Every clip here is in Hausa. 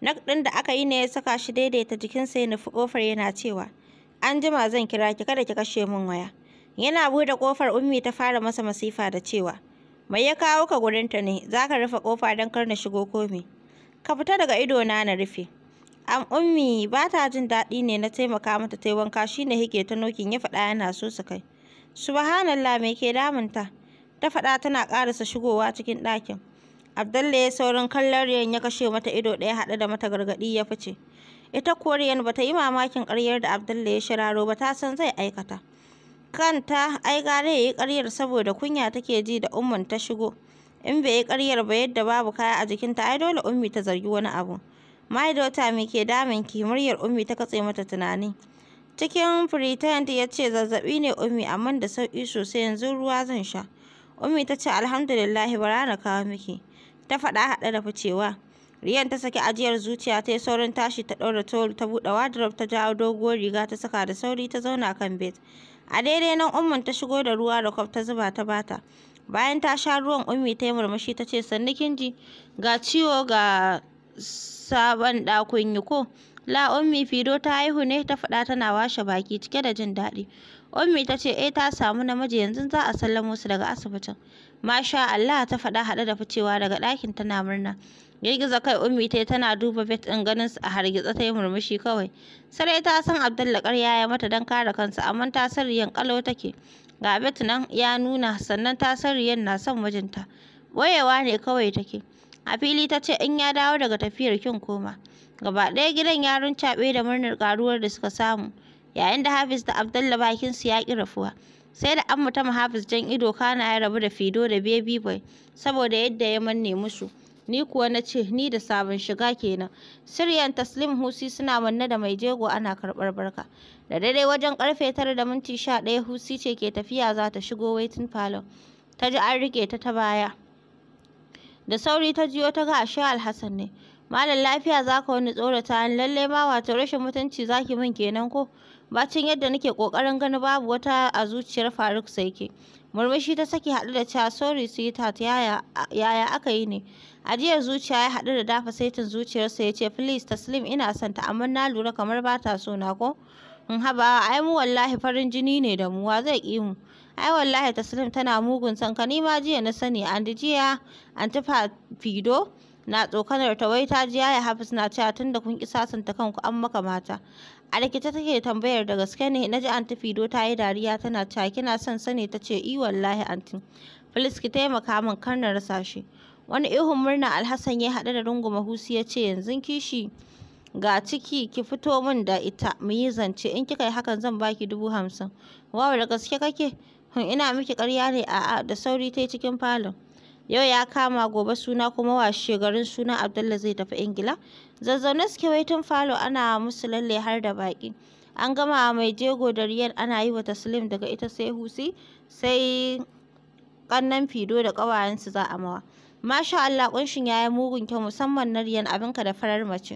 nak ɗin da aka yi ne ya saka shi daidaita jikinsa ya nufi ƙofar yana cewa an jima zan kira ki kada ki kashe min waya yana buɗe ƙofar ummi ta fara masa masifa da cewa mai ya kawo ka gurinta ne za ka rufe ƙofa don kar na shigo komi ka fita daga idona na rufe an ummi ba ta jin daɗi ne na taimaka mata ta yi wanka shi ne hike ta nokin ya faɗa yana so su kai subhanallah me ke damunta ta faɗa tana ƙarasa shigowa cikin ɗakin Abdalla ya saurin kallon Riyan ya kashe mata ido ɗaya haɗe da mata gargaɗi ya fice. Ita kuwa ba ta yi mamakin ƙaryar da Abdalla ya shiraro ba ta san zai aikata. Kanta ai gare ya yi ƙaryar saboda kunya take ji da umman ta shigo. In bai yi ƙaryar ba yadda babu kaya a jikinta ai dole ummi ta zargi wani abu. My me ke damun ki muryar ummi ta katse mata tunani. Cikin pretend ya ce zazzaɓi ne ummi amma da sauƙi sosai yanzu ruwa zan sha. Ummi ta ce alhamdulillah bara na kawo miki. ta faɗa haɗe da ficewa. Riyan ta saki ajiyar zuciya ta yi saurin tashi ta ɗaura tol ta buɗe wardrobe ta jawo doguwar riga ta saka da sauri ta zauna kan bed. A daidai nan umman ta shigo da ruwa da kwaf ta zuba ta bata. Bayan ta sha ruwan ummi ta yi murmushi ta ce sannu kinji ga ciwo ga sabon ɗakun yi ko. La ummi fido ta haihu ne ta faɗa tana washe baki cike da jin daɗi. Ummi ta ce eh ta samu namiji yanzu za a sallamo su daga asibitin. Masha Allah ta faɗa haɗe da ficewa daga ɗakin tana murna. Girgiza kai ummi ta tana duba bet ɗin ganin su a hargitsa ta yi murmushi kawai. Sarai ta san Abdalla ƙarya ya mata don kare kansa amma ta san riyan ƙalau take. Ga bet nan ya nuna sannan ta san riyan na son mijinta. Boyewa ne kawai take. A fili ta ce in ya dawo daga tafiyar kin koma. Gaba ɗaya gidan ya runcaɓe da murnar ƙaruwar da suka samu. Yayin da Hafiz da Abdalla bakinsu ya ƙi rafuwa. sai da amma ta Hafiz jan ido kana ya rabu da Fido da Baby Boy saboda yadda ya manne musu. Ni kuwa na ce ni da sabon shiga kenan. Siryan Taslim Husi suna manne da mai jego ana karɓar barka. Da daidai wajen karfe tara da minti sha ɗaya Husi ce ke tafiya za ta shigo waitin falon. Ta ji an rike ta ta baya. Da sauri ta jiyo ta ga ashe Alhassan ne. Malam lafiya za ka wani tsorata lallai ma wato rashin mutunci zaki min kenan ko? bacin yadda nake kokarin ganin babu wata a zuciyar Faruk sai ke murmushi ta saki haɗu da cewa sorry sweetheart yaya yaya aka yi ne ajiyar zuciya ya hadu da dafa saitin zuciyarsa ya ce please taslim ina son ta amma na lura kamar ba ta so na ko in haba ai mu wallahi farin jini ne da mu wa zai ki mu ai wallahi taslim tana mugun son ka ni ma jiya na sani an jiya an tafa fido na tsokanar ta wai ta ji yaya hafiz na cewa tunda kun ki sasanta kanku an maka mata a rikice take tambayar da gaske ne na ji anti fido ta yi dariya tana cewa kina son sani ta ce i wallahi anti filis ki taimaka min kar na rasa shi wani ihun murna alhassan ya haɗu da runguma husi ya ce yanzu kishi ga ciki ki fito min da ita mu yi zance in kika yi hakan zan baki dubu hamsin wow da gaske kake hun hm, ina miki karya ne a'a da sauri ta cikin falon yau ya kama gobe suna kuma washe garin suna abdullah zai tafi ingila zazzaune suke waitin falo ana musu lalle har da baki an gama mai jego da riyal ana yi wa taslim daga ita sai husi sai kannan fido da ƙawayensu za a mawa masha Allah kunshin yi mugun kyau musamman na riyan abinka da farar mace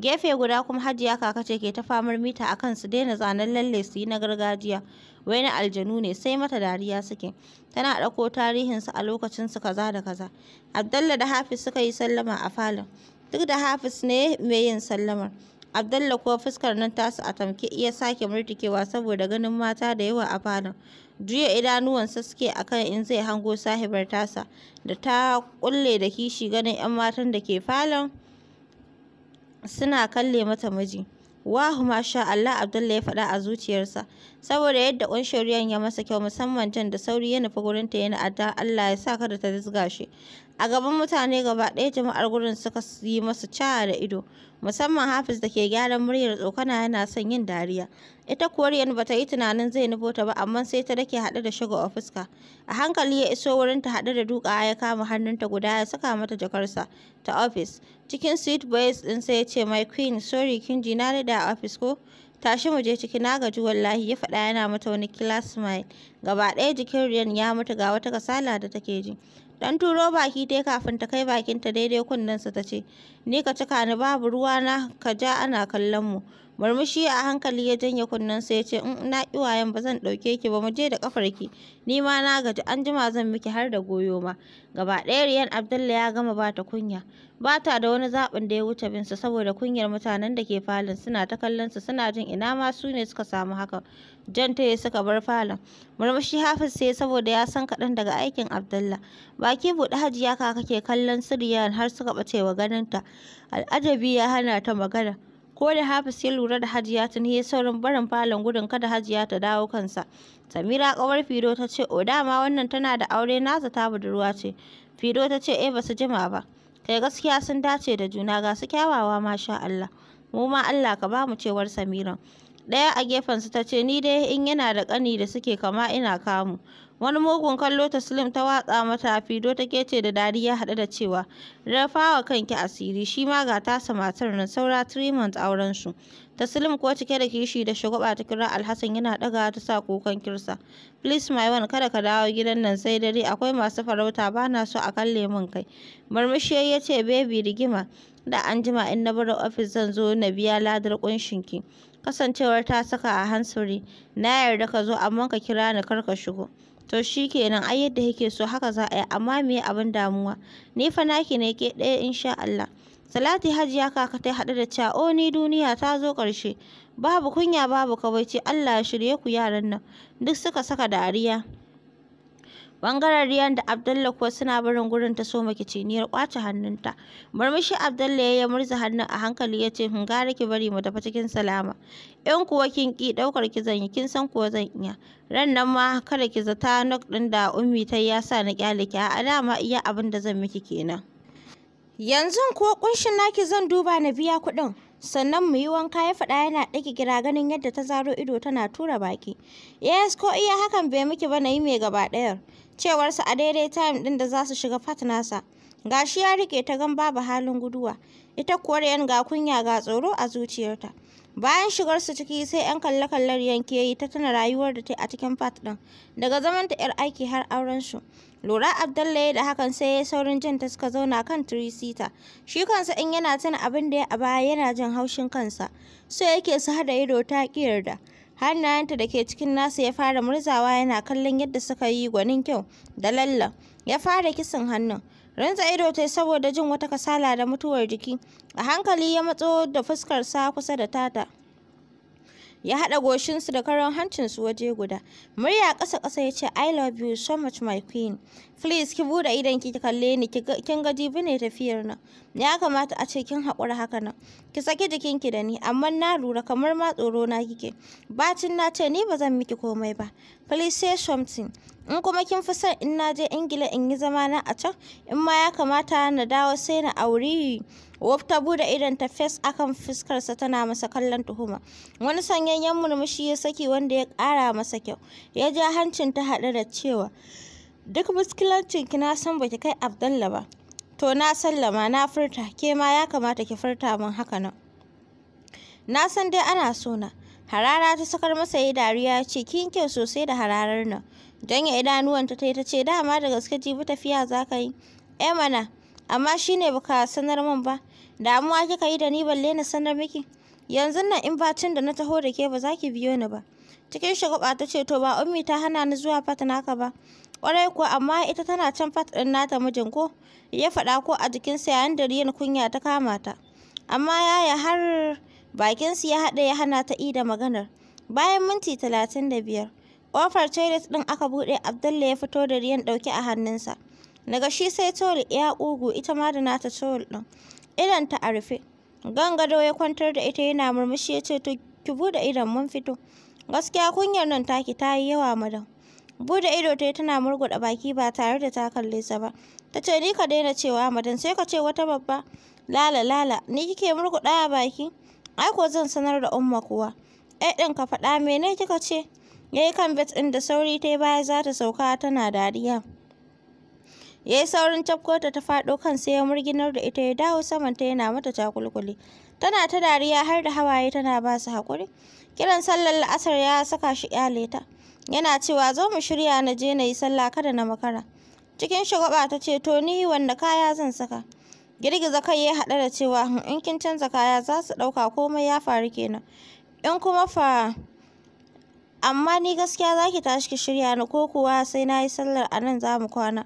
gefe guda kuma hajiya kaka ce ke ta famar mita a kan su daina zanen lalle su yi na gargajiya wai na aljanu ne sai mata dariya suke tana ɗauko tarihinsu a lokacin su kaza da kaza abdalla da Hafis suka yi sallama a falon duk da Hafis ne mai yin sallamar abdalla kuwa fuskar nan tasu a tamke iya sake murtikewa saboda ganin mata da yawa a falon juya idanuwansa suke akan in zai hango sahibar tasa da ta kulle da kishi ganin 'yan matan da ke falon suna kalle mata miji. Wahu masha Allah Abdullah ya faɗa a zuciyarsa saboda yadda ƙunshin riyan ya masa kyau musamman jan da sauri ya nufi gurinta yana adda Allah ya sa kada ta dizga shi a gaban mutane gaba ɗaya jama'ar gurin suka yi masa ca da ido musamman hafiz da ke gyaran muryar tsokana yana son yin dariya ita koriyan ba ta yi tunanin zai nufo ta ba amma sai ta rake haɗe da shiga a fuska a hankali ya iso wurin ta haɗe da duka ya kama hannunta guda ya saka mata jakarsa ta ofis cikin sweet boys ɗin sai ya ce my queen sorry kin ji na da a ofis ko tashi mu je ciki na gaji wallahi ya faɗa yana mata wani kila smile gaba ɗaya jikin riyan ya mutu ga wata kasala da take ji Ɗan turo baki ta kafin ta kai bakinta daidai kunnensa ta ce, Ni ka cika ni babu ruwana ka ja ana kallon mu. Murmushi a hankali ya janye sai ya ce, "In mm, na kiwayen ba zan dauke ki ba, mu je da kafarki Ni ma na gaji, an jima zan miki har da goyo ma." Gaba ɗaya Riyan Abdullah ya gama ba ta kunya. Ba ta da wani zaɓin da ya wuce bin binsa saboda kunyar mutanen da ke falon suna ta kallon sa suna jin ina ma su ne suka samu haka Jan ta suka bar falon. Murmushi Hafiz sai saboda ya san kaɗan daga aikin Abdullah. Baki buɗe hajiya ka ke kallon su Riyan har suka ɓacewa wa ta Al'ajabi ya hana ta magana. Ko da Hafiz ya lura da Hajiya ta ya saurin barin falon gudun kada Hajiya ta dawo kansa. Samira kawar Fido ta ce, "O dama wannan tana da aure nasa ta budurwa ce." Fido ta ce, "Eh ba su jima ba." Kai gaskiya sun dace da juna ga su kyawawa masha Allah. Mu ma Allah ka ba mu cewar Samira." Ɗaya a gefen su ta ce, "Ni dai in yana da ƙani da suke kama ina kamu." wani mugun kallo taslim ta watsa mata fido ta kece da dariya haɗe da cewa rafawa kanki asiri shi ma ga tasa matar nan saura treatment auren su taslim ko cike da kishi da shugaba ta kira alhassan yana ɗaga ta sa kukan kirsa please my one kada ka dawo gidan nan sai dare akwai masu farauta ba na so a kalle min kai murmushi ya ce baby rigima da an jima in na bar ofis zan zo na biya ladar kunshin ki kasancewar ta saka a hansuri na yarda ka zo amma ka kira ni kar ka shigo to shi kenan ai yadda yake so haka za a yi amma me abin damuwa ni fa naki ne ke ɗaya insha Allah Salati Hajiya kaka ta haɗu da cewa o oh, ni duniya ta zo ƙarshe babu kunya babu kawaici Allah ya shirye ku yaran nan duk suka saka dariya Bangaren Riyan da Abdalla kuwa suna barin gurin ta so makiciniyar kwace hannunta. Murmushi Abdalla ya yi murza hannun a hankali ya ce hunga hmm, ki bari mu tafi cikin salama. In kuwa kin ki daukar ki zan yi kin san kuwa zan iya. Ran nan ma kada ki zata nok din da ummi ta ya sa na kyale ki a dama iya abin da zan miki kenan. Yanzu ko kunshin naki zan duba na biya kuɗin. sannan mu yi wanka ya faɗa yana ɗage gira ganin yadda ta zaro ido tana tura baki yes ko iya hakan bai miki ba na yi mai gaba ɗayar cewarsa a daidai time ɗin da za su shiga fat nasa. Gashi ya rike ta gan babu halin guduwa, ita kuwar yan ga kunya ga tsoro a zuciyarta. Bayan shigar su ciki sai 'yan kalle-kallar yanke yi ta tuna rayuwar da ta a cikin fat ɗin, daga zaman zamanta 'yar aiki har auren su. Lura Abdullahi da hakan sai ya saurin jin ta suka zauna kan turi-sita. Shi kansa in yana tuna abin da ya a baya yana jin haushin kansa. So yake su hada ido ta ƙi yarda. hannayenta da ke cikin nasa ya fara murzawa yana kallon yadda suka yi gwanin kyau da lalla ya fara kisan hannun Rinza ido ta saboda jin wata kasala da mutuwar jiki a hankali ya matso da fuskarsa kusa da tata ya haɗa goshinsu da karon hancinsu waje guda. Murya ƙasa-ƙasa ya ce, I love you so much my queen. Please, ki buɗe idan ki kalle ni, kin ga jibi ne tafiyar nan. Ya kamata a ce kin haƙura haka nan. Ki saki jikinki da ni, amma na lura kamar ma tsoro na kike. Bacin na ce ni ba zan miki komai ba. Please say something. In kuma kin fi son in na je Ingila in yi zama na a can, in ma ya kamata na dawo sai na auri. Wolf bude idon ta fes akan fuskarsa tana masa kallon tuhuma. Wani sanyayyen murmushi ya saki wanda ya kara masa kyau. Ya ja hancin ta haɗe da cewa duk ki na san baki kai abdalla ba. To na sallama na furta ke ma ya kamata ki furta min haka nan. Na san dai ana sona. Harara ta sakar masa ya dariya ce kin kyau sosai da hararar nan. Janya idanuwanta ta yi ta ce dama da gaske jibi tafiya za ka yi. Eh mana, amma shine baka sanar min ba. damuwa kika yi da ni balle na sanar miki yanzu nan in bacin da na taho da ke ba za ki biyo ni ba cikin shagaba ta ce to ba ummi ta hana ni zuwa fat naka ba kwarai kuwa amma ita tana can fat din nata mijin ko ya faɗa ko a sa yayin da riyan kunya ta kama ta amma yaya har su ya haɗa ya hana ta ida maganar bayan minti talatin da biyar ƙofar toilet ɗin aka buɗe abdulla ya fito da riyan ɗauke a hannunsa daga shi sai tol ya ƙugu ita ma da nata tol ɗin ta a rufe. Gangado ya kwantar da ita yana murmushi ya ce to ki bude idan, mun fito. Gaskiya kunyar nan taki ta yi yawa madam. Bude ido ta tana murguɗa baki ba tare da ta kalle sa ba. Ta ce ni ka daina cewa madan sai ka ce wata babba. Lala lala ni kike murguda a baki. Ai ko zan sanar da umma kuwa. Eh ɗin ka faɗa mene kika ce? Yayi kan bet ɗin da sauri ta yi baya za ta sauka tana dariya. ya yi saurin cafkota ta faɗo kan sai ya murginar da ita ya dawo saman ta yana mata takulkuli tana ta dariya har da hawaye tana ba su haƙuri kiran sallar la'asar ya saka shi ƙyale ta yana cewa zo mu shirya na je na yi sallah kada na makara cikin shagwaba ta ce to ni wanda kaya zan saka girgiza kai ya haɗa da cewa hmm, in kin canza kaya za su ɗauka komai ya faru kenan in kuma fa amma ni gaskiya za ki tashi ki shirya na, ko kuwa sai na yi sallar a nan za mu kwana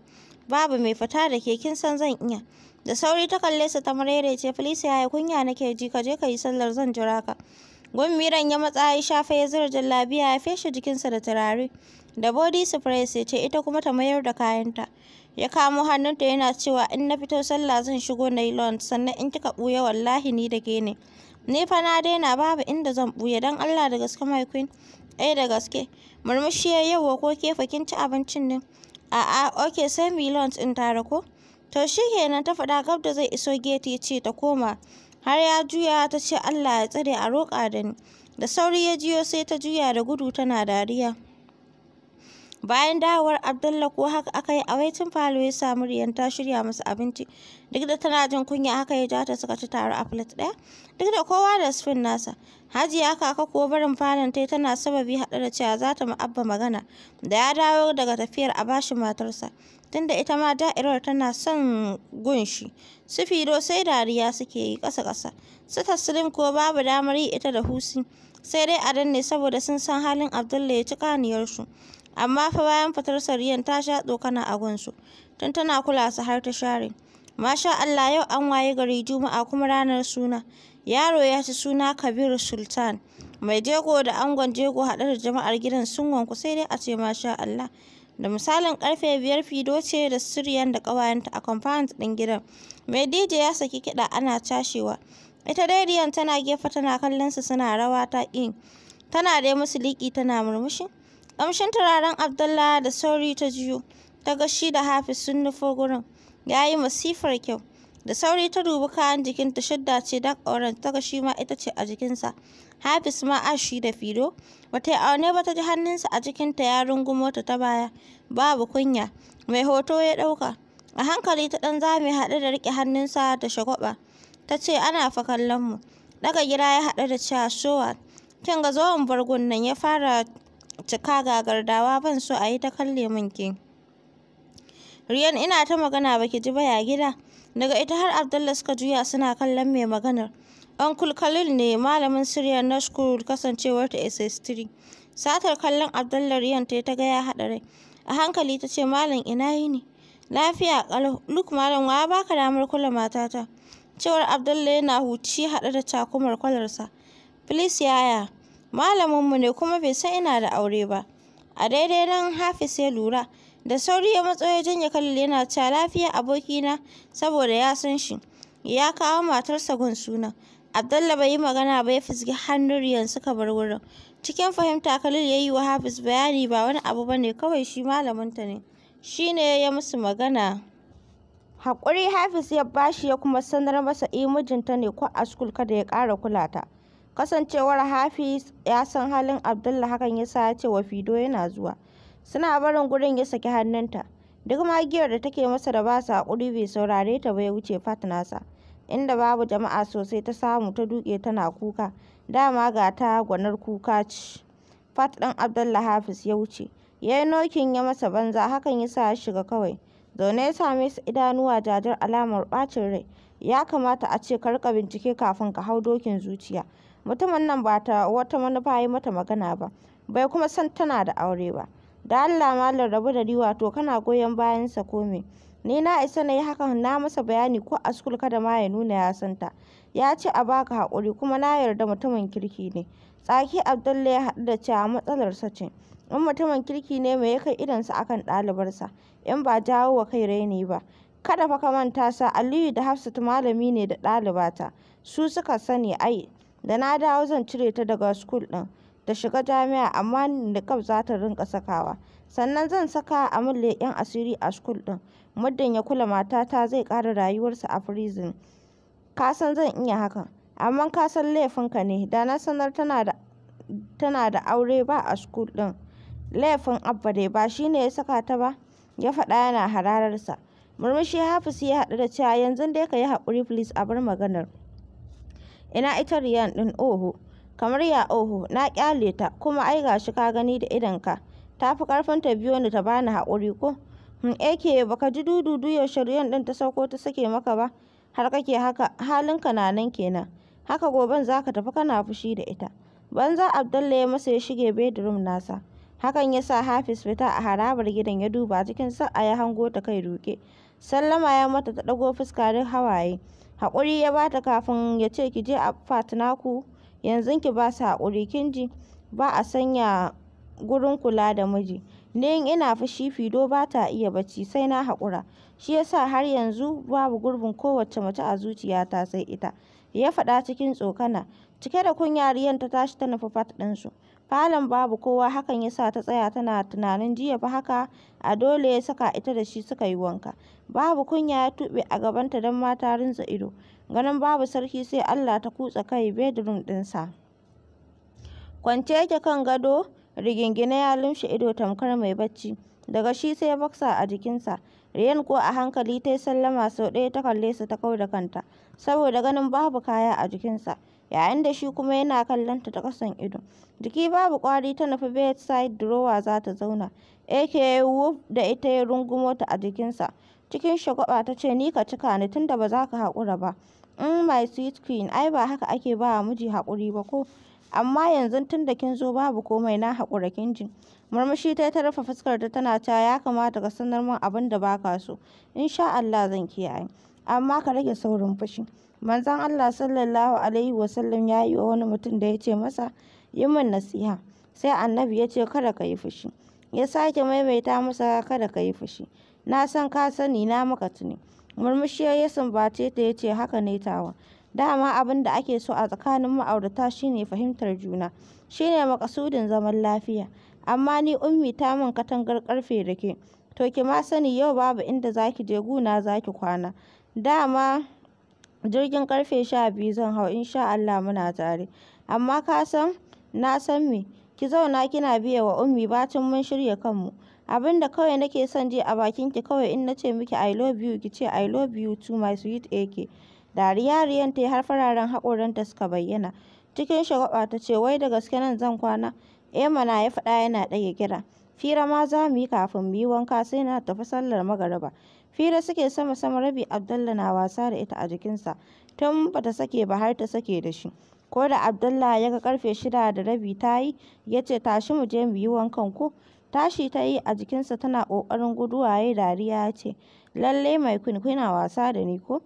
babu mai fita da ke kin san zan iya da sauri ta kalle sa ta ce filisa yaya kunya nake ji ka je ka yi sallar zan jira ka gwammiran ya matsa ya shafa ya zira jallabiya ya feshe jikinsa da turare da body spray sai ce ita kuma ta mayar da kayanta ya kamo hannunta yana cewa in na fito sallah zan shigo na lawn sannan in kika buya wallahi ni da ke ne ni fa na daina babu inda zan buya dan Allah da gaske my queen ai eh, da gaske murmushi ya wa ko kefa kin ci abincin ne A'a, ok sai mu yi ɗin tare ko? To shi kenan ta faɗa gab da zai iso geti ce ta koma. Har ya juya ta ce Allah ya tsare a roƙa da ni. Da sauri ya jiyo sai ta juya da gudu tana dariya. bayan dawowar Abdullahi, ko haka aka yi a waitin falo ya samu riyan ta shirya masa abinci duk da tana jin kunya haka ya ja ta suka ci taro a plate ɗaya duk da kowa da sufin nasa hajiya kaka ko barin falon tai tana sababi haɗe da cewa za ta ma'abba magana da ya dawo daga tafiyar a bashi matarsa tunda ita ma da'irar tana son gunshi su fido sai dariya suke yi ƙasa-ƙasa su taslim ko babu damar yi ita da husi sai dai a danne saboda sun san halin Abdullahi ya ci kaniyarsu Amma fa bayan fitar Sariyan ta sha tsokana a gunsu, tun tana kula su har ta share. Masha Allah yau an waye gari Juma'a kuma ranar suna. Yaro ya ci suna Kabir Sultan. Mai jego da angon jego haɗe da jama'ar gidan sun wanku sai dai a ce masha Allah. Da misalin karfe biyar fido ce da Siriyan da ƙawayenta a compound din gidan. Mai DJ ya saki kiɗa ana cashewa. Ita dai Riyan tana gefe tana kallon su suna rawa ta ƙin. Tana dai musu liƙi tana murmushi. kamshin turaren Abdullah da sauri ta jiyo, ta ga shi da Hafiz sun nufo gurin. Ya yi masifar kyau. Da sauri ta dubi kayan jikin ta shidda ce dak auren ta ga shi ma ita ce a jikinsa. hafis ma ashi da fido. Bata yi aune ba ta ji hannunsa a ta ya rungumo ta ta baya. Babu kunya. Mai hoto ya ɗauka. A hankali ta ɗan zame haɗe da riƙe hannunsa da shagwaɓa. Ta ce ana fa kallon mu. Daga gida ya haɗe da cewa showa. Kin ga zuwan bargun nan ya fara cika ga gardawa ban so a yi ta kalle min ke. Riyan ina ta magana ba ki ji ba ya gida. Daga ita har Abdullah suka juya suna kallon mai maganar. Uncle Khalil ne malamin Siriyar na school kasancewar ta SS3. Satar kallon Abdullah Riyan ta ta gaya ya haɗa rai. A hankali ta ce malam ina yi ne. Lafiya ƙalau. Luke malam wa baka damar kula matata. Cewar Abdullah yana huci haɗe da takumar kwalarsa. Please yaya. malaminmu ne kuma bai san ina da aure ba a daidai nan hafiz ya lura da sauri ya matso ya janye kalil yana cewa lafiya abokina saboda ya san shi ya kawo matarsa gun suna abdalla bai yi magana ba ya fizgi hannun riyan suka bar wurin cikin fahimta kalil ya yi wa hafiz bayani ba wani abu ba ne kawai shi malaminta ne shi ne ya musu magana haƙuri hafiz ya bashi ya kuma sanar masa imijinta eh, ne ko a skul kada ya ƙara kulata. Kasancewar Hafiz ya san halin abdullahi hakan ya sa ya ce wa Fido yana zuwa. Suna barin gurin ya saki hannunta. Duk magiyar da take masa da ba sa haƙuri bai saurare ta ba ya wuce fat nasa. Inda babu jama'a sosai ta samu ta duƙe tana kuka. Dama ga ta gwanar kuka ci Fat ɗin abdullahi Hafiz ya wuce. Ya yi nokin ya masa banza hakan ya sa ya shiga kawai. Zaune ya same su idanuwa jajar alamar ɓacin rai. Ya kamata a ce karka bincike kafin ka hau dokin zuciya. mutumin nan ba ta wata manufa ya mata magana ba bai kuma san tana da aure ba da Allah malam rabu da ni wato kana goyon bayansa ko me ni na isa na yi hakan na masa bayani ko a skul kada ma ya nuna ya santa ya ce a baka haƙuri kuma na yarda mutumin kirki ne tsaki abdullahi ya haɗu da cewa matsalarsa ce in mutumin kirki ne mai ya kai sa akan ɗalibarsa in ba jawo wa kai raini ba kada fa ka manta sa aliyu da hafsat malami ne da ɗalibata su suka sani ai Da na dawo zan cire ta daga school ɗin ta shiga jami'a amma niƙaf za ta rinƙa sakawa. Sannan zan saka a min leƙen asiri a school ɗin. Muddin ya kula matata zai ƙara rayuwarsa a prison. Ka san zan iya hakan. Amma ka san laifinka ne. Da na sanar tana da tana da aure ba a school ɗin. Laifin Abba dai ba shine ya saka ta ba, ya faɗa yana hararsa. Murmushi hafis ya haɗu da cewa yanzu dai ka yi haƙuri please a bar maganar. Ina ita riyan ɗin oho? Kamar ya oho? Na kyale ta, kuma ai ga shi ka gani da idonka. Ta fi karfin ta biyo ni ta bani haƙuri ko? hun hmm, ake baka ji dududu yaushe Ryan ɗin ta sauko ta sake maka ba? Har kake haka, halin na nan kenan. Haka goben za ka tafi kana fushi da ita. Banza Abdullahi ya masa ya shige bedroom nasa. Hakan ya sa Hafiz fita a harabar gidan ya duba cikin sa'a ya hango ta kai duke. Sallama ya mata ta ɗago fuska duk hawaye. haƙuri ya bata kafin ya ce ki je a fat naku yanzu ki ba su haƙuri kin ji ba a sanya gurin kula da miji ne ina fushi fido ba ta iya bacci sai na haƙura shi yasa har yanzu babu gurbin kowace mace a zuciyata sai ita ya faɗa cikin tsokana cike da kunya riyan ta tashi ta nufi fat ɗinsu Falon babu kowa, hakan ya sa ta tsaya tana tunanin jiya fa haka a dole ya saka ita da shi suka yi wanka. Babu kunya ya tuɓe a gabanta don mata ta ido. Ganin babu sarki sai Allah ta kutsa kai bedroom ɗinsa. Kwance yake kan gado, rigingine ya lumshe ido tamkar mai bacci. Daga shi sai boxer a jikinsa. Riyan ko a hankali ta yi sallama sau ɗaya ta kalle su ta kau da kanta, saboda ganin babu kaya a jikinsa. yayin da shi kuma yana kallon ta ta kasan ido. Jiki babu kwari ta nufi bedside drawer za ta zauna. AKA wuf da ita ya rungumo ta a jikinsa. Cikin shagwaba ta ce ni ka cika ni tunda ba za ka haƙura ba. In mm, my sweet queen ai ba haka ake ba wa miji haƙuri ba ko. Amma yanzu tunda kin zo babu komai na haƙura kin ji. Murmushi ta ta rufe ta tana ta ya kamata ka sanar min abin da baka so. In sha Allah zan kiyaye. Amma ka rage saurin fushi. Manzon Allah sallallahu alaihi wasallam ya yi wa wani mutum da ya ce masa, yi min nasiha. Sai annabi ya ce kada ka yi fushi. Ya sake maimaita masa kada ka yi fushi. Na san ka sani na maka tuni. Murmushi ya sumbace ta ya ce haka ne tawa. Dama abin da ake so a tsakanin ma'aurata shine fahimtar juna. Shine makasudin zaman lafiya. Amma ni ummi ta min katangar karfe da ke. To ki ma sani yau babu inda zaki je guna zaki kwana. Dama Jirgin karfe 12 zan hau insha Allah muna tare, amma ka san, na san me, ki zauna kina biya wa Ummi bacin mun shirya kanmu, abinda kawai nake son je a bakin ki kawai in nace miki I love you ki ce I love you too my sweet AK. Dariya riyan ta har fararen ta suka bayyana. Cikin shagwaɓa ta ce wai da gaske nan zan kwana? Eh mana ya faɗa yana ɗage kira. Fira ma za mu yi kafin mu yi wanka sai na tafi sallar magariba. Fira suke sama-sama rabi Abdullah na wasa da ita a jikinsa, tun ba ta sake ba har ta sake da shi. Ko da Abdullah ya ga karfe shida da rabi ta yi, ya ce tashi mu je mu yi wankan ko. Tashi ta yi a jikinsa tana ƙoƙarin guduwa ya dariya ya ce, lalle mai kun kuna wasa da ni ko.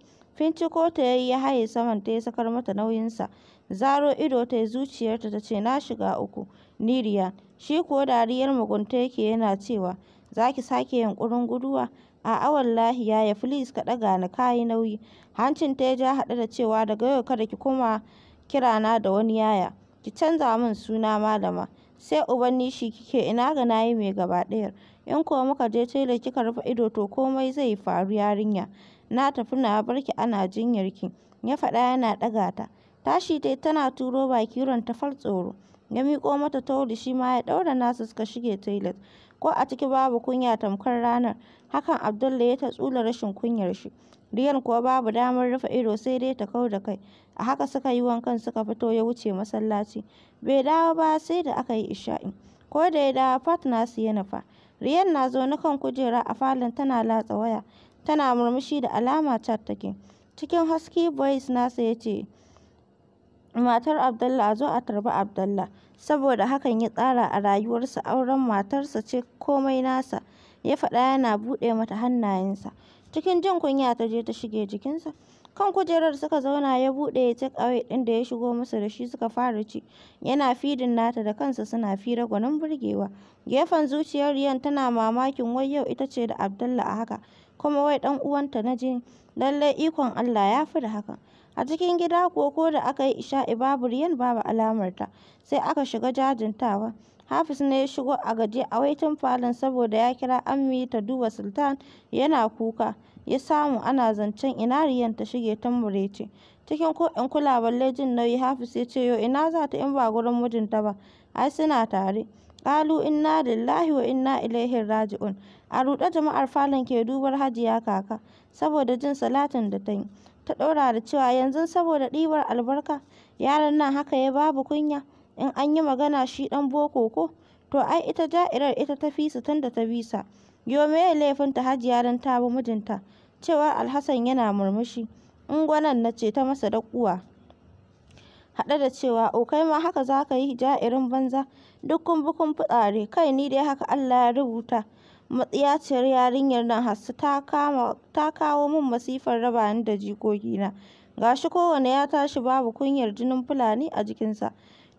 ko ta yayi ya haye saman ta ya sakar mata nauyinsa. Zaro ido ta yi zuciyarta ta ce na shiga uku, Niriya. Shi ko dariyar mugunta yake yana cewa, za ki sake ƙurin guduwa. A'a wallahi ya filis ka ɗaga ni kayi yi nauyi. Hancin ta ja haɗe da cewa daga yau kada ki kuma kirana da wani yaya. Ki canza min suna malama. Sai uban nishi kike ina ga nayi mai gaba ɗayar. In ko muka je tela kika rufe ido to komai zai faru yarinya. Na tafi na bar ki ana jinyarki. Ya faɗa yana ɗaga ta. Tashi tai tana turo baki ta fal tsoro. Ya miƙo mata tawul shi ma ya ɗaura nasu suka shige toilet. ko a ciki babu kunya tamkar ranar. Hakan Abdullahi ya tatsula rashin kunyar shi. Diyan kuwa babu damar rufe ido sai dai ta kau da kai. A haka suka yi wankan suka fito ya wuce masallaci. Bai dawo ba sai da aka yi isha'i. Ko da ya dawo Fat nasu ya nufa. Riyan na zaune kan kujera a falon tana latsa waya. Tana murmushi da alama chat take. Cikin husky voice nasa ya ce, Matar Abdullahi a zo a tarbi Abdullahi. saboda hakan ya tsara a rayuwarsa auren matarsa ce komai nasa, ya faɗa yana buɗe mata hannayensa. Cikin jin kunya ta je ta shige jikinsa. Kan kujerar suka zauna ya buɗe take-away ɗin da ya shigo masa da shi suka fara ci. Yana fidin nata da kansa suna fi gwanin burgewa. Gefen zuciyar Riyan tana mamakin wai yau ita ce da Abdullah a haka, kuma wai ɗan uwanta na jini. Lallai ikon Allah ya fi da hakan. A cikin gida kuwa ko da aka yi isha'i babu Ryan babu alamarta, sai aka shiga jajintawa. Hafiz ne ya shigo a gaje a waitin falon saboda ya kira Ammi ta duba Sultan yana kuka, ya samu ana zancen ina riyan ta shige tun murece? Cikin ko in kula balle jin nauyi Hafiz ya ce yo ina za ta in ba gurin mijinta ba, ai suna tare. Ƙalu inna lillahi wa inna ilaihi raji'un. A ruɗe jama'ar falon ke dubar Hajiya Kaka saboda jin salatin da ta yi. ta ɗora da cewa yanzu saboda ɗibar albarka yaron nan haka ya babu kunya in an yi magana shi ɗan boko ko to ai ita ja'irar ita ta fi su tun da ta bisa. sa yo meye laifin ta hajiya don ta bi mijinta cewa alhassan yana murmushi gwanan na ce ta masa daƙuwa. haɗe da cewa o kai ma haka za ka yi ja'irin banza duk bukun fitsare kai ni dai haka allah ya rubuta matsiyaciyar yarinyar nan hasu ta kawo min masifar raba ni da jikokina, ga shi kowane ya tashi babu kunyar jinin Fulani a jikinsa.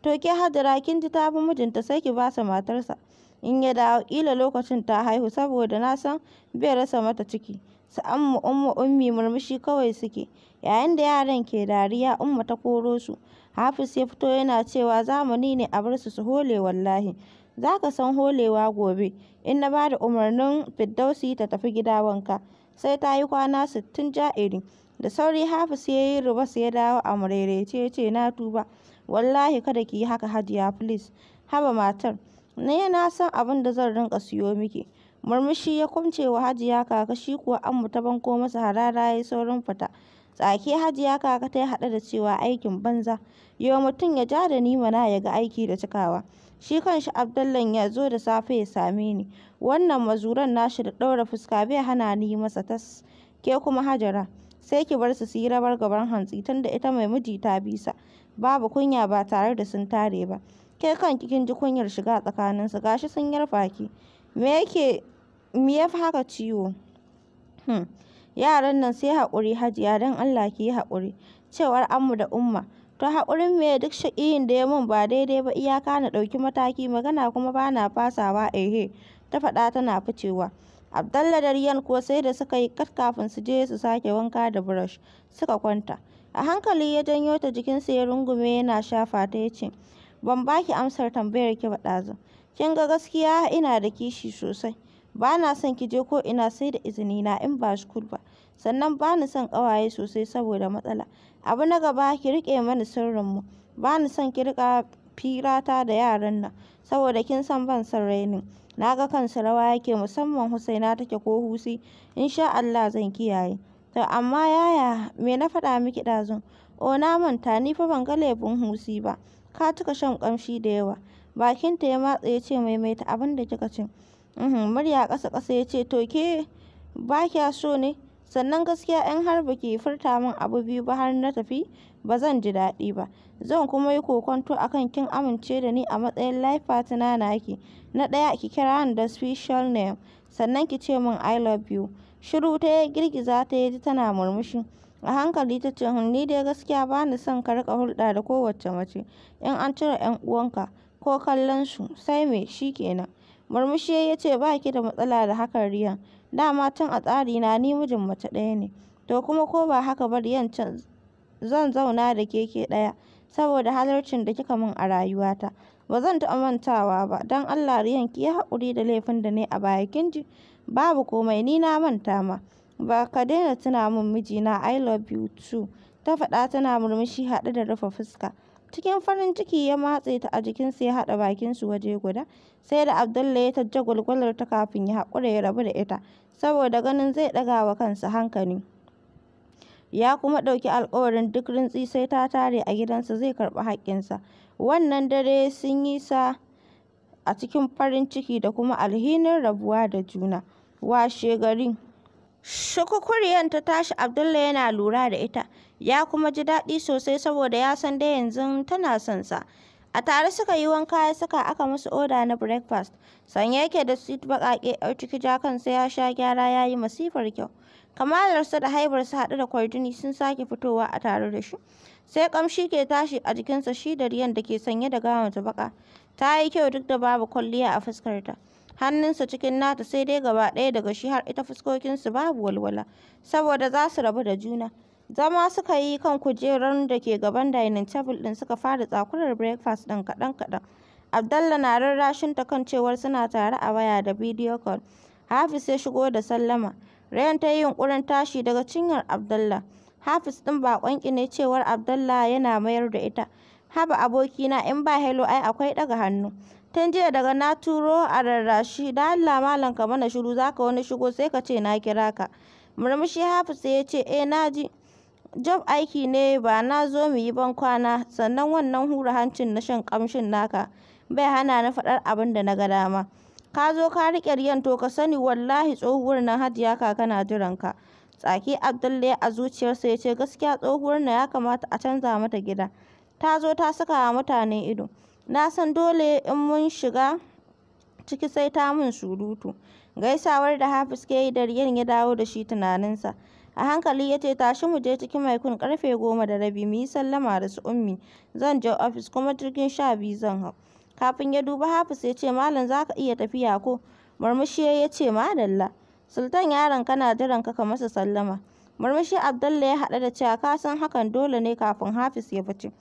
To ke Hajara kin ji ta fi mijinta sai ki ba sa matarsa. In ya dawo kila lokacin ta haihu saboda na san bai rasa mata ciki. Su an Umma murmushi kawai suke, yayin da yaran ke dariya Umma ta koro su. Hafiz ya fito yana cewa zamani ne a bar su su hole wallahi. Za ka san holewa gobe, in na ba umarnin Fiddausi ta tafi gida wanka, sai ta yi kwana sittin ja'iri. Da sauri Hafiz ya yi su ya dawo a murerece ya ce na tuba, wallahi kada ki yi haka hajiya please. Haba matar, na na san abin da zan rinka siyo miki. Murmushi ya kumce wa hajiya kaka shi kuwa an mu ta banko masa harara ya yi saurin fita. Tsaki Hajiya Kaka ta yi haɗe da cewa aikin banza. Yo mutum ya ja da ni mana ya ga aiki da cikawa. Shi kanshi Abdallan ya zo da safe ya same ni. Wannan mazuran nashi da ɗaura fuska bai hana ni masa tas. Ke kuma Hajara, sai ki bar su su yi rabar gaban hantsi da ita mai miji ta bisa. Babu kunya ba tare da sun tare ba. Ke kanki kin ji kunyar shiga tsakanin su gashi sun yarfa ki. Me yake me ya fi haka ciwo? Hmm. Yaran nan sai haƙuri Hajiya don Allah ki yi haƙuri, cewar amu da Umma. To haƙurin me duk shaƙiyin da ya mun ba daidai ba iyaka na ɗauki mataki magana kuma ba na fasawa ehe, ta faɗa tana ficewa. Abdalla da Riyan kuwa sai da suka yi kat kafin su je su sake wanka da brush, suka kwanta. A hankali ya janyo ta jikin jikinsa ya rungume yana shafa ta ya ce, Ban baki amsar tambayar ki ba ɗazu. Kin ga gaskiya ina da kishi sosai. Ba na son ki je ko ina sai da izini na in ba shi ba, sannan ba ni son kawaye sosai saboda matsala. Abu na gaba ki rike mani sirrinmu, ba ni son ki rika firata da yaran nan, saboda kin san ban son rainin. Na ga kansu rawa yake musamman Husaina take ko Husi, in sha Allah zan kiyaye. To amma yaya me na faɗa miki ɗazun? o na manta ni fa ban ga laifin Husi ba, ka cika shan kamshi da yawa. Bakinta ya matse ya ce maimaita abin da kika ce. Uhm, murya ƙasa ƙasa ya ce to ba kya so ne sannan gaskiya 'yan har ke furta min abu biyu ba har na tafi ba zan ji daɗi ba zan kuma yi kokonto akan kin amince da ni a matsayin life partner naki na ɗaya ki kira ni da special name sannan ki ce min i love you shiru ta ya girgiza ta ya ji tana murmushi a hankali ta ce uhm, ni dai gaskiya ba ni son ka riƙa hulɗa da kowace mace in an cire 'yan uwanka ko kallon su sai me shikenan Murmushi ya ce ba ki da matsala da hakan Riyan, dama tun a tsari na ni mijin mace ɗaya ne, to kuma ko ba haka ba Riyan can zan zauna da keke ke ɗaya saboda halarcin da kika min a rayuwata. Ba zan taɓa mantawa ba, don Allah Riyan ki ya haƙuri da laifin da ne a baya kin ji, babu komai ni na manta ma. Ba ka daina tuna min mijina I love you too, ta faɗa tana murmushi haɗe da rufe fuska. cikin farin ciki ya matse ta a jikinsa ya haɗa bakinsu waje guda sai da abdullahi ya tajja gwalgwalar ta kafin ya haƙura ya rabu da ita saboda ganin zai ɗaga wa kansa hankali ya kuma ɗauki alkawarin duk rintsi sai ta tare a gidansa zai karɓi haƙƙinsa wannan dare sun yi sa a cikin farin ciki da kuma alhinin rabuwa da juna washe garin? shukukuryan ta tashi abdulla yana lura da ita ya kuma ji daɗi sosai saboda ya san dai yanzu tana son sa. A tare suka yi wanka ya saka aka musu oda na breakfast. Sanye yake da suit baƙaƙe a ciki jakan sai ya sha gyara ya yi masifar kyau. Kamalarsa da haibarsa haɗu da kwarjini sun sake fitowa a tare da shi. Sai ƙamshi ke tashi a jikinsa shi da riyan da ke sanye da ta baƙa. Ta yi kyau duk da babu kwalliya a fuskarta. Hannunsa cikin nata sai dai gaba ɗaya daga shi har ita fuskokinsu babu walwala. Saboda za su rabu da juna. Zama suka yi kan kujerar da ke gaban dining table din suka fara tsakurar breakfast din kaɗan-kaɗan. Abdallah na rarrashin ta kan cewar suna tare a waya da bidiyo call. Hafiz ya shigo da sallama. Rayan ta yi yunƙurin tashi daga cinyar Abdallah. Hafiz ɗin baƙon ne cewar Abdallah yana mayar da ita. Haba abokina in ba hello ai akwai ɗaga hannu. Tun jiya daga na turo a rarrashi da Allah malam ka mana shiru zaka wani shigo sai ka ce na kira ka. Murmushi Hafiz ya ce eh na ji. Job aiki ne ba na zo mu yi ban-kwana, sannan wannan hura hancin na shan kamshin naka bai hana na faɗar abin da na ga dama. Ka zo ka riƙe riyan to ka sani wallahi tsohuwar nan Hajiya Kaka na ka Tsaki Abdullahi ya a zuciyarsa ya ce gaskiya tsohuwar na ya kamata a canza mata gida. Ta zo ta saka wa mutane ido. Na san dole in mun shiga ciki sai ta mun surutu. Gaisawar da Hafiz ke yi da riyan ya dawo da shi tunaninsa. A hankali ya ce tashi mu je cikin Maikun Karfe goma da rabi mu yi sallama da su ummi. Zan je ofis kuma jirgin sha biyu zan hau. Kafin ya duba Hafis ya ce malam za ka iya tafiya ko? Murmushi ya ce madalla. Sultan yaron kana jiran ka ka masa sallama. Murmushi Abdalla ya haɗa da cewa ka san hakan dole ne kafin Hafis ya fice.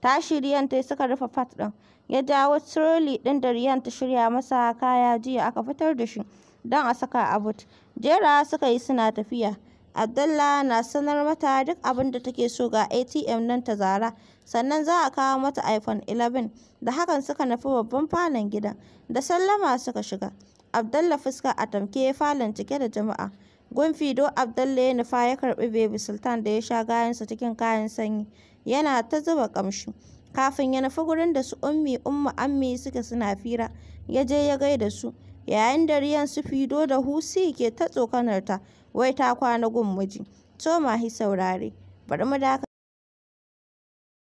Tashi Riyan ta suka rufe fat ɗin. Ya jawo troli ɗin da Riyan ta shirya masa kaya jiya aka fitar da shi don a saka a but. Jera suka yi suna tafiya. Abdullah na sanar mata duk abin da take so ga ATM nan ta zara, sannan za a kawo mata iPhone 11, da hakan suka nufi babban falon gidan, da sallama suka shiga. Abdullah fuska a tamke falon cike da jama'a. Gun fido Abdullah ya nufa ya karɓi Baby Sultan da ya sha gayansa cikin kayan sanyi, yana ta zuba kamshi. Kafin ya nufi gurin da su ummi umma ammi suka suna fira, ya je ya gaida su, yayin da riyan su fido da husi ke ta tsokanarta. wai ta kwana gun miji. To ma hi saurare, bari mu dakata.